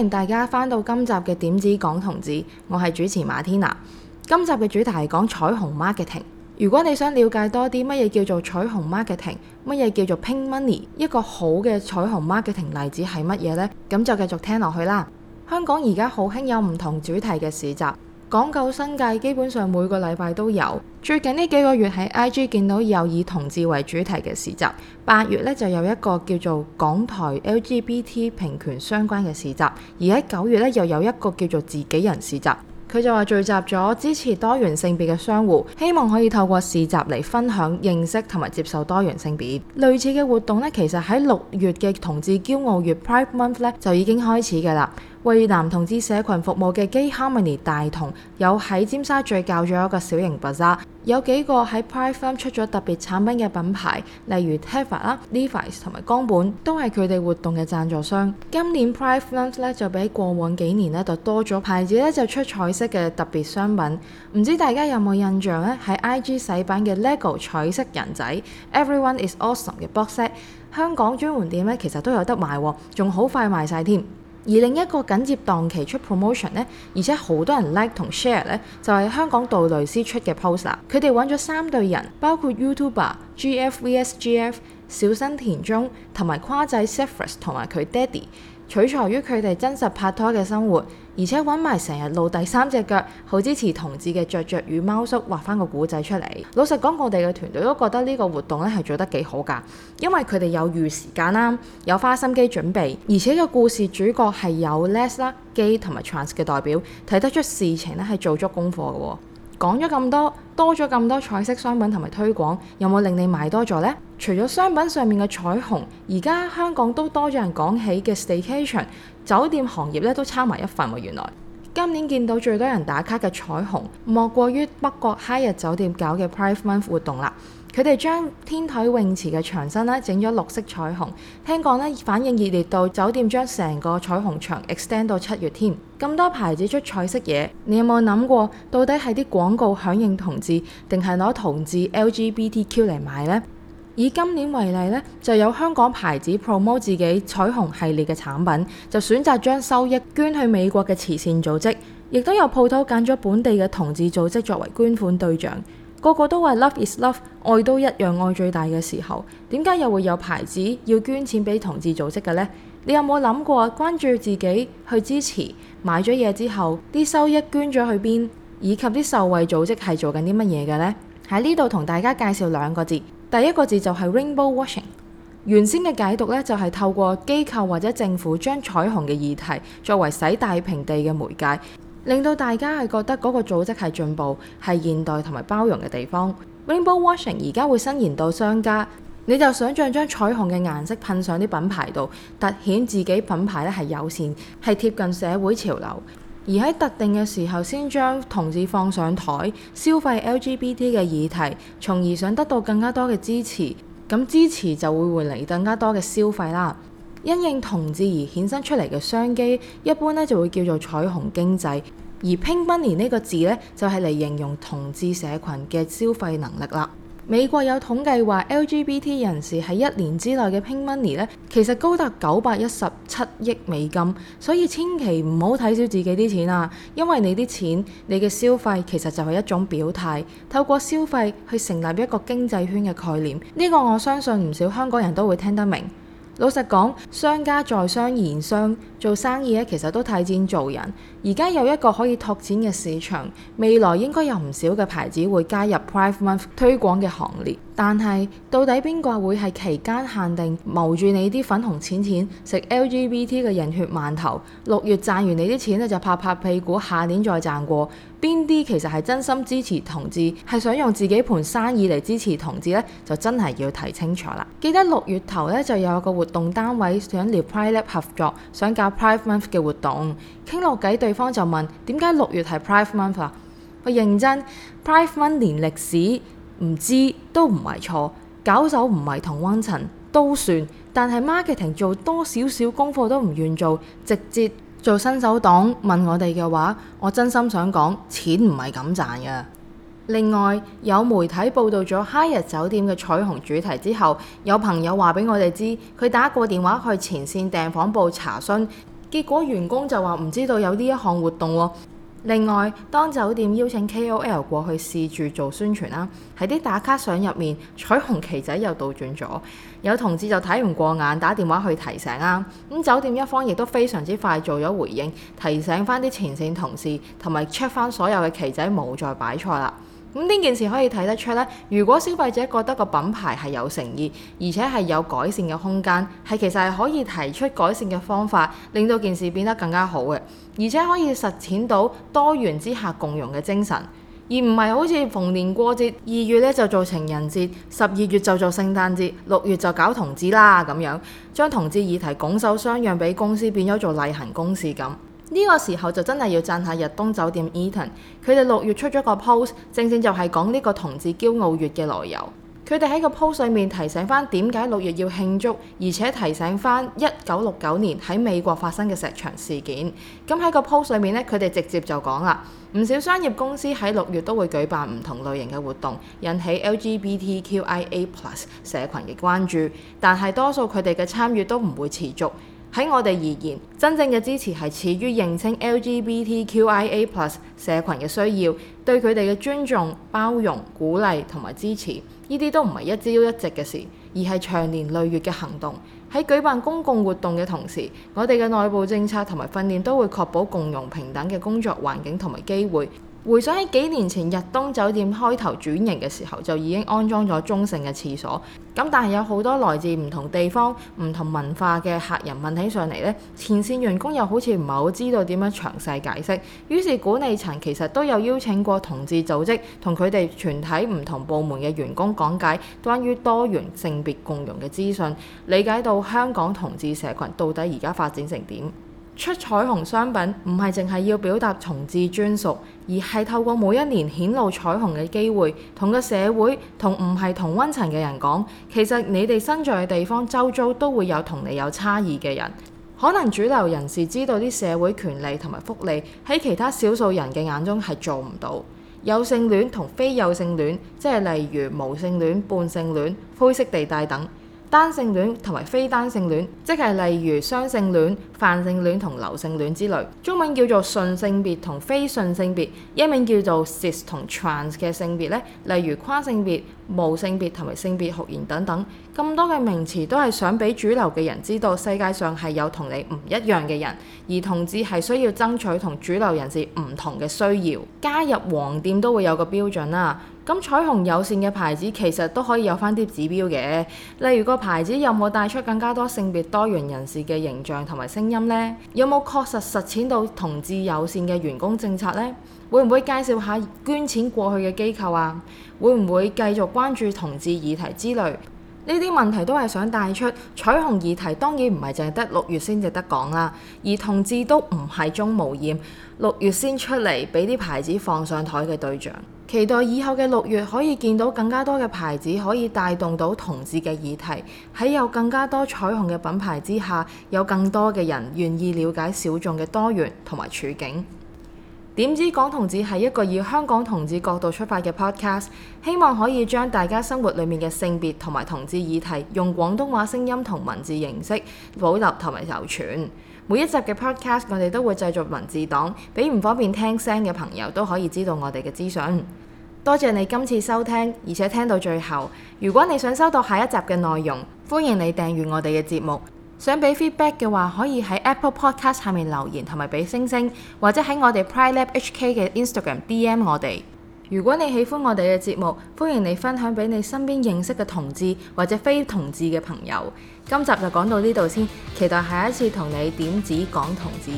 歡迎大家返到今集嘅點止講同志。我係主持馬天娜。今集嘅主題係講彩虹 marketing。如果你想了解多啲乜嘢叫做彩虹 marketing，乜嘢叫做 pink money，一個好嘅彩虹 marketing 例子係乜嘢呢？咁就繼續聽落去啦。香港而家好興有唔同主題嘅市集，講究新界，基本上每個禮拜都有。最近呢幾個月喺 IG 見到有以同志為主題嘅市集，八月咧就有一個叫做港台 LGBT 平權相關嘅市集，而喺九月咧又有一個叫做自己人市集。佢就話聚集咗支持多元性別嘅商戶，希望可以透過市集嚟分享、認識同埋接受多元性別。類似嘅活動咧，其實喺六月嘅同志驕傲月 （Pride Month） 咧就已經開始㗎喇。為男同志社群服務嘅 Gay Harmony 大同有喺尖沙咀搞咗一個小型 bazaar，有幾個喺 Pride Month 出咗特別產品嘅品牌，例如 Teva 啦、Levi’s 同埋岡本，都係佢哋活動嘅贊助商。今年 Pride Month 咧就比過往幾年咧就多咗牌子咧就出彩色嘅特別商品。唔知大家有冇印象咧？喺 IG 洗版嘅 LEGO 彩色人仔，Everyone is Awesome 嘅 boxset，香港專門店咧其實都有得賣，仲好快賣晒添。而另一個緊接檔期出 promotion 咧，而且好多人 like 同 share 咧，就係、是、香港杜蕾斯出嘅 poster。佢哋揾咗三對人，包括 YouTuber、GF vs GF、小新田中同埋跨仔 Sephris 同埋佢爹哋。取材於佢哋真實拍拖嘅生活，而且揾埋成日露第三隻腳，好支持同志嘅雀雀與貓叔畫翻個古仔出嚟。老實講，我哋嘅團隊都覺得呢個活動係做得幾好㗎，因為佢哋有預時間，有花心機準備，而且個故事主角係有 les 啦、gay 同埋 trans 嘅代表，睇得出事情咧係做足功課㗎喎。講咗咁多，多咗咁多彩色商品同埋推廣，有冇令你買多咗呢？除咗商品上面嘅彩虹，而家香港都多咗人講起嘅 staycation 酒店行業咧，都差埋一份喎、啊。原來今年見到最多人打卡嘅彩虹，莫過於北國海逸酒店搞嘅 Pride Month 活動啦。佢哋將天台泳池嘅牆身咧整咗六色彩虹，聽講咧，反應熱烈到酒店將成個彩虹牆 extend 到七月添。咁多牌子出彩色嘢，你有冇諗過到底係啲廣告響應同志，定係攞同志 LGBTQ 嚟買呢？以今年為例咧，就有香港牌子 promo 自己彩虹系列嘅產品，就選擇將收益捐去美國嘅慈善組織，亦都有鋪頭揀咗本地嘅同志組織作為捐款對象。個個都話 love is love，愛都一樣，愛最大嘅時候，點解又會有牌子要捐錢俾同志組織嘅呢？你有冇諗過關注自己去支持買咗嘢之後，啲收益捐咗去邊，以及啲受惠組織係做緊啲乜嘢嘅呢？喺呢度同大家介紹兩個字，第一個字就係 rainbow washing。原先嘅解讀咧，就係透過機構或者政府將彩虹嘅議題作為洗大平地嘅媒介。令到大家係覺得嗰個組織係進步、係現代同埋包容嘅地方。Rainbow Washing 而家會伸延到商家，你就想像將彩虹嘅顏色噴上啲品牌度，突顯自己品牌咧係友善、係貼近社會潮流。而喺特定嘅時候先將同志放上台，消費 LGBT 嘅議題，從而想得到更加多嘅支持。咁支持就會換嚟更加多嘅消費啦。因應同志而衍生出嚟嘅商機，一般呢就會叫做彩虹經濟。而 pink money 呢個字呢，就係嚟形容同志社群嘅消費能力啦。美國有統計話，LGBT 人士喺一年之內嘅 pink money 呢，其實高達九百一十七億美金。所以千祈唔好睇少自己啲錢啊，因為你啲錢，你嘅消費其實就係一種表態，透過消費去成立一個經濟圈嘅概念。呢個我相信唔少香港人都會聽得明。老實講，商家在商言商，做生意其實都睇錢做人。而家有一個可以拓展嘅市場，未來應該有唔少嘅牌子會加入 Pride Month 推廣嘅行列。但係到底邊個會係期間限定牟住你啲粉紅錢錢食 LGBT 嘅人血饅頭？六月賺完你啲錢咧就拍拍屁股，下年再賺過邊啲？其實係真心支持同志，係想用自己盤生意嚟支持同志呢？就真係要睇清楚啦。記得六月頭呢，就有個活動單位想聊 Pride Lab 合作，想搞 Pride Month 嘅活動，傾落偈對方就問點解六月係 Pride Month 啊？我認真 Pride Month 年歷史。唔知都唔係錯，搞手唔係同溫層都算，但係 marketing 做多少少功課都唔願做，直接做新手黨問我哋嘅話，我真心想講，錢唔係咁賺嘅。另外有媒體報道咗哈日酒店嘅彩虹主題之後，有朋友話俾我哋知，佢打過電話去前線訂房部查詢，結果員工就話唔知道有呢一項活動喎。另外，當酒店邀請 KOL 過去試住做宣傳啦，喺啲打卡相入面，彩虹旗仔又倒轉咗，有同志就睇唔過眼，打電話去提醒啦。咁酒店一方亦都非常之快做咗回應，提醒翻啲前線同事同埋 check 翻所有嘅旗仔冇再擺錯啦。咁呢件事可以睇得出咧，如果消費者覺得個品牌係有誠意，而且係有改善嘅空間，係其實係可以提出改善嘅方法，令到件事變得更加好嘅，而且可以實踐到多元之下共融嘅精神，而唔係好似逢年過節，二月咧就做情人節，十二月就做聖誕節，六月就搞同志啦咁樣，將同志議題拱手相讓俾公司變咗做例行公事咁。呢個時候就真係要讚下逸東酒店 Eaton，佢哋六月出咗個 post，正正就係講呢個同志驕傲月嘅來由。佢哋喺個 post 上面提醒翻點解六月要慶祝，而且提醒翻一九六九年喺美國發生嘅石牆事件。咁喺個 post 上面咧，佢哋直接就講啦，唔少商業公司喺六月都會舉辦唔同類型嘅活動，引起 LGBTQIA+ 社群嘅關注，但係多數佢哋嘅參與都唔會持續。喺我哋而言，真正嘅支持係始於認清 LGBTQIA+ 社群嘅需要，對佢哋嘅尊重、包容、鼓勵同埋支持，呢啲都唔係一朝一夕嘅事，而係長年累月嘅行動。喺舉辦公共活動嘅同時，我哋嘅內部政策同埋訓練都會確保共融平等嘅工作環境同埋機會。回想喺幾年前，日東酒店開頭轉型嘅時候，就已經安裝咗中性嘅廁所。咁但係有好多來自唔同地方、唔同文化嘅客人問起上嚟咧，前線員工又好似唔係好知道點樣詳細解釋。於是管理層其實都有邀請過同志組織，同佢哋全體唔同部門嘅員工講解關於多元性別共融嘅資訊，理解到香港同志社群到底而家發展成點。出彩虹商品唔係淨係要表達同志專屬，而係透過每一年顯露彩虹嘅機會，同個社會同唔係同溫層嘅人講，其實你哋身在嘅地方周遭都會有同你有差異嘅人。可能主流人士知道啲社會權利同埋福利喺其他少數人嘅眼中係做唔到，有性戀同非有性戀，即係例如無性戀、半性戀、灰色地帶等。單性戀同埋非單性戀，即係例如雙性戀、泛性戀同流性戀之類，中文叫做順性別同非順性別，英文叫做 cis 同 trans 嘅性別咧，例如跨性別、無性別同埋性別酷現等等，咁多嘅名詞都係想俾主流嘅人知道，世界上係有同你唔一樣嘅人，而同志係需要爭取同主流人士唔同嘅需要，加入黃店都會有個標準啦。咁彩虹友善嘅牌子其實都可以有翻啲指標嘅，例如個牌子有冇帶出更加多性別多元人士嘅形象同埋聲音呢？有冇確實實踐到同志友善嘅員工政策呢？會唔會介紹下捐錢過去嘅機構啊？會唔會繼續關注同志議題之類？呢啲問題都係想帶出彩虹議題，當然唔係淨係得六月先至得講啦，而同志都唔係鍾無艷，六月先出嚟俾啲牌子放上台嘅對象。期待以後嘅六月可以見到更加多嘅牌子，可以帶動到同志嘅議題。喺有更加多彩虹嘅品牌之下，有更多嘅人願意了解小眾嘅多元同埋處境。點止港同志係一個以香港同志角度出發嘅 podcast，希望可以將大家生活裡面嘅性別同埋同志議題，用廣東話聲音同文字形式保留同埋流傳。每一集嘅 podcast，我哋都會製作文字檔，俾唔方便聽聲嘅朋友都可以知道我哋嘅資訊。多謝你今次收聽，而且聽到最後。如果你想收到下一集嘅內容，歡迎你訂閱我哋嘅節目。想俾 feedback 嘅話，可以喺 Apple Podcast 下面留言同埋俾星星，或者喺我哋 Pride Lab HK 嘅 Instagram DM 我哋。如果你喜歡我哋嘅節目，歡迎你分享俾你身邊認識嘅同志或者非同志嘅朋友。今集就講到呢度先，期待下一次同你點止講同志。